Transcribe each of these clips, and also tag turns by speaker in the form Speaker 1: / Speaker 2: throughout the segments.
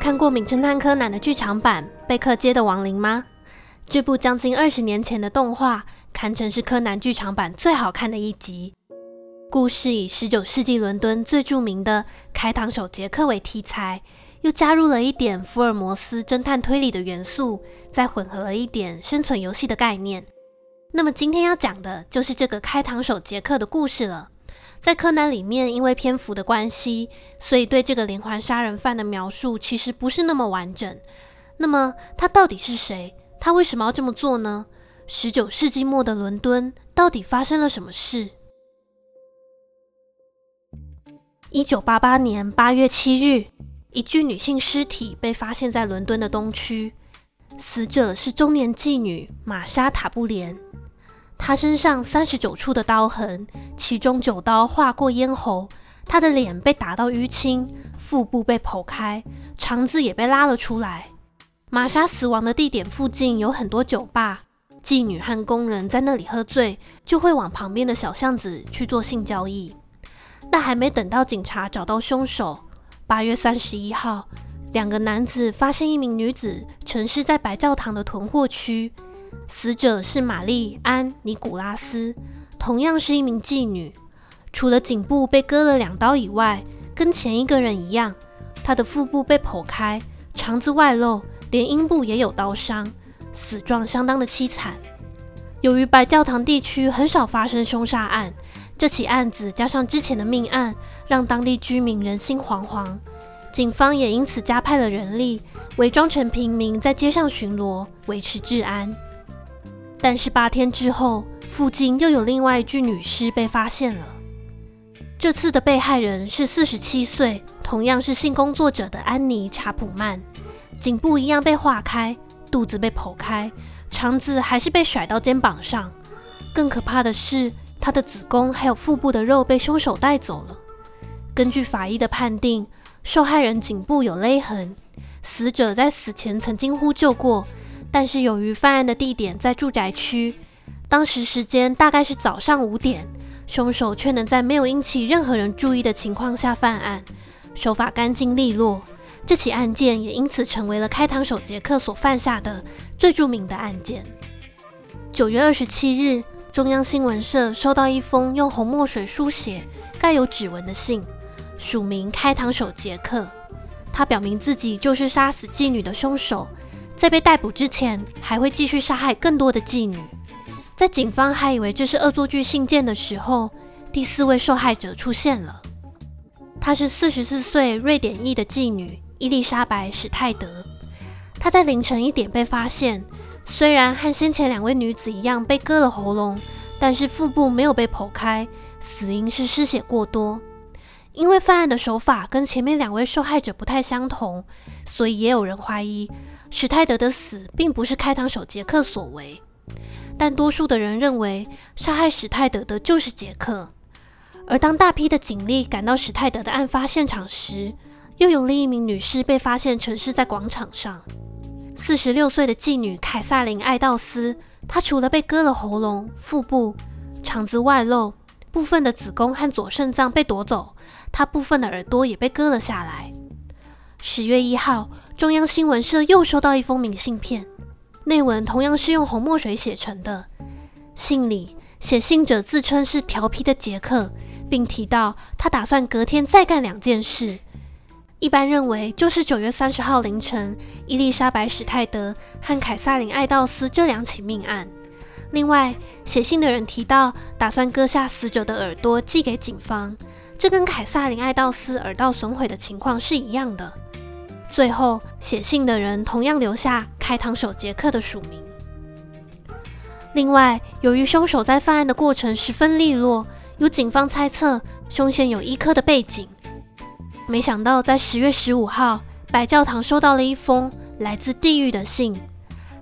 Speaker 1: 看過《名偵探柯南》的劇場版《貝克街的亡靈》嗎？這部將近二十年前的動畫，堪稱是柯南劇場版最好看的一集。故事以十九世紀倫敦最著名的開膛手傑克為題材，又加入了一點福爾摩斯偵探推理的元素，再混合了一點生存遊戲的概念。那麼今天要講的就是這個開膛手傑克的故事了。在《柯南》裡面，因為篇幅的關係，所以對這個連環殺人犯的描述其實不是那麼完整。那麼他到底是誰？他為什麼要這麼做呢？十九世紀末的倫敦到底發生了什麼事？一九八八年八月七日，一具女性屍體被發現在倫敦的東區，死者是中年妓女瑪莎·塔布蓮。他身上三十九處的刀痕，其中九刀劃過咽喉。他的臉被打到淤青，腹部被剖開，腸子也被拉了出來。瑪莎死亡的地點附近有很多酒吧，妓女和工人在那裡喝醉，就會往旁邊的小巷子去做性交易。但還沒等到警察找到兇手，八月三十一號，兩個男子發現一名女子陳屍在白教堂的囤貨區。死者是瑪麗安·尼古拉斯，同樣是一名妓女。除了頸部被割了兩刀以外，跟前一個人一樣，她的腹部被剖開，腸子外露，連陰部也有刀傷，死狀相當的淒慘。由於白教堂地區很少發生兇殺案，這起案子加上之前的命案，讓當地居民人心惶惶。警方也因此加派了人力，偽裝成平民在街上巡邏，維持治安。但是八天之後，附近又有另外一具女屍被發現了。這次的被害人是四十七歲，同樣是性工作者的安妮·查普曼，頸部一樣被劃開，肚子被剖開，腸子還是被甩到肩膀上。更可怕的是，她的子宮還有腹部的肉被兇手帶走了。根據法醫的判定，受害人頸部有勒痕，死者在死前曾經呼救過。但是由於犯案的地點在住宅區，當時時間大概是早上五點，兇手卻能在沒有引起任何人注意的情況下犯案，手法乾淨利落。這起案件也因此成為了開膛手傑克所犯下的最著名的案件。九月二十七日，中央新聞社收到一封用紅墨水書寫、蓋有指紋的信，署名“開膛手傑克”，他表明自己就是殺死妓女的兇手。在被逮捕之前，還會繼續殺害更多的妓女。在警方還以為這是惡作劇信件的時候，第四位受害者出現了。她是四十四歲瑞典裔的妓女伊麗莎白·史泰德。她在凌晨一點被發現，雖然和先前兩位女子一樣被割了喉嚨，但是腹部沒有被剖開，死因是失血過多。因為犯案的手法跟前面兩位受害者不太相同，所以也有人懷疑。史泰德的死並不是開膛手傑克所為，但多數的人認為殺害史泰德的就是傑克。而當大批的警力趕到史泰德的案發現場時，又有另一名女士被發現陳屍在廣場上。四十六歲的妓女凱瑟琳·愛道斯，她除了被割了喉嚨、腹部腸子外露、部分的子宮和左腎臟被奪走，她部分的耳朵也被割了下來。十月一號，中央新聞社又收到一封明信片，內文同樣是用紅墨水寫成的。信裡寫信者自稱是調皮的傑克，並提到他打算隔天再幹兩件事。一般認為就是九月三十號凌晨伊麗莎白史泰德和凱撒琳愛道斯這兩起命案。另外，寫信的人提到打算割下死者的耳朵寄給警方，這跟凱撒琳愛道斯耳道損毀的情況是一樣的。最後，寫信的人同樣留下“開膛手傑克”的署名。另外，由於兇手在犯案的過程十分利落，有警方猜測兇嫌有醫科的背景。沒想到，在十月十五號，白教堂收到了一封來自地獄的信，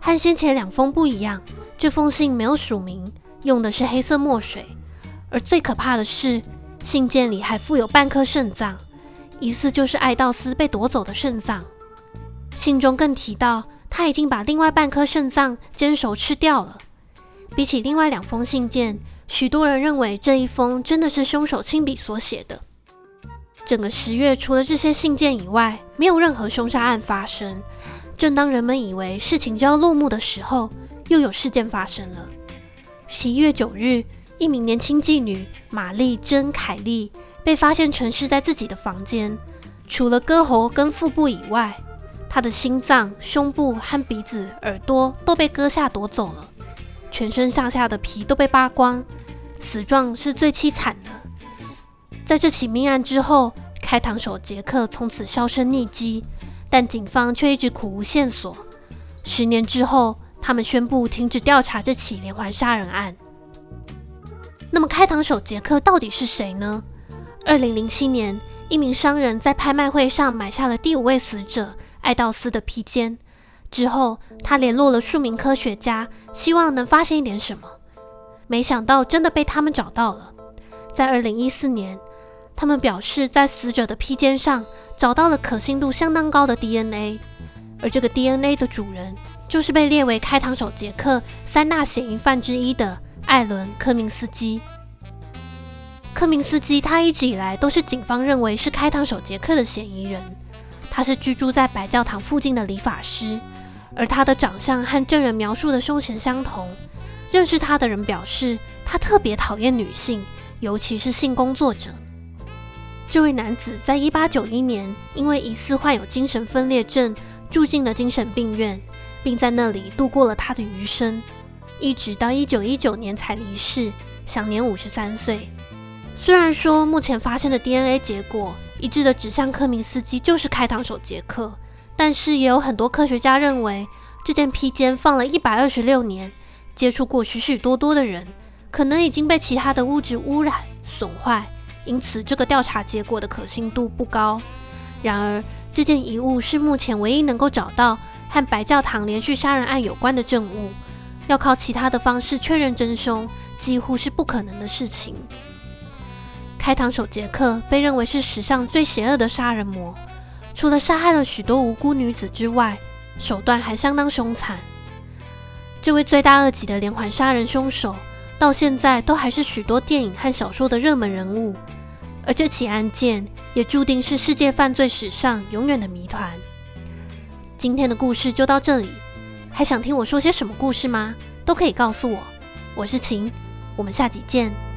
Speaker 1: 和先前兩封不一樣，這封信沒有署名，用的是黑色墨水，而最可怕的是，信件裡還附有半顆腎臟。疑似就是艾道斯被奪走的腎臟。信中更提到，他已經把另外半顆腎臟煎熟吃掉了。比起另外兩封信件，許多人認為這一封真的是兇手親筆所寫的。整個十月，除了這些信件以外，沒有任何兇殺案發生。正當人們以為事情就要落幕的時候，又有事件發生了。十一月九日，一名年輕妓女瑪麗·珍·凱莉，被發現陳屍在自己的房間，除了割喉跟腹部以外，他的心臟、胸部和鼻子、耳朵都被割下奪走了，全身上下的皮都被扒光，死狀是最淒慘的。在這起命案之後，開膛手傑克從此銷聲匿跡，但警方卻一直苦無線索。十年之後，他們宣布停止調查這起連環殺人案。那麼，開膛手傑克到底是誰呢？二零零七年，一名商人在拍賣會上買下了第五位死者艾道斯的披肩。之後，他聯絡了數名科學家，希望能發現一點什麼。沒想到，真的被他們找到了。在二零一四年，他們表示在死者的披肩上找到了可信度相當高的 DNA，而這個 DNA 的主人就是被列為開膛手傑克三大嫌疑犯之一的艾倫科明斯基。科明斯基，他一直以來都是警方認為是開膛手傑克的嫌疑人。他是居住在白教堂附近的理髮師，而他的長相和證人描述的兇手相同。認識他的人表示，他特別討厭女性，尤其是性工作者。這位男子在一八九一年因為疑似患有精神分裂症，住進了精神病院，並在那裡度過了他的餘生，一直到一九一九年才離世，享年五十三歲。雖然說目前發現的 DNA 結果一致的指向科明斯基就是開膛手傑克，但是也有很多科學家認為，這件披肩放了一百二十六年，接觸過許許多多的人，可能已經被其他的物質汙染損壞，因此這個調查結果的可信度不高。然而，這件遺物是目前唯一能夠找到和白教堂連續殺人案有關的證物，要靠其他的方式確認真兇，幾乎是不可能的事情。開膛手傑克被認為是史上最邪惡的殺人魔，除了殺害了許多無辜女子之外，手段還相當兇殘。這位罪大惡極的連環殺人兇手，到現在都還是許多電影和小說的熱門人物。而這起案件也注定是世界犯罪史上永遠的謎團。今天的故事就到這裡，還想聽我說些什麼故事嗎？都可以告訴我。我是晴，我們下集見。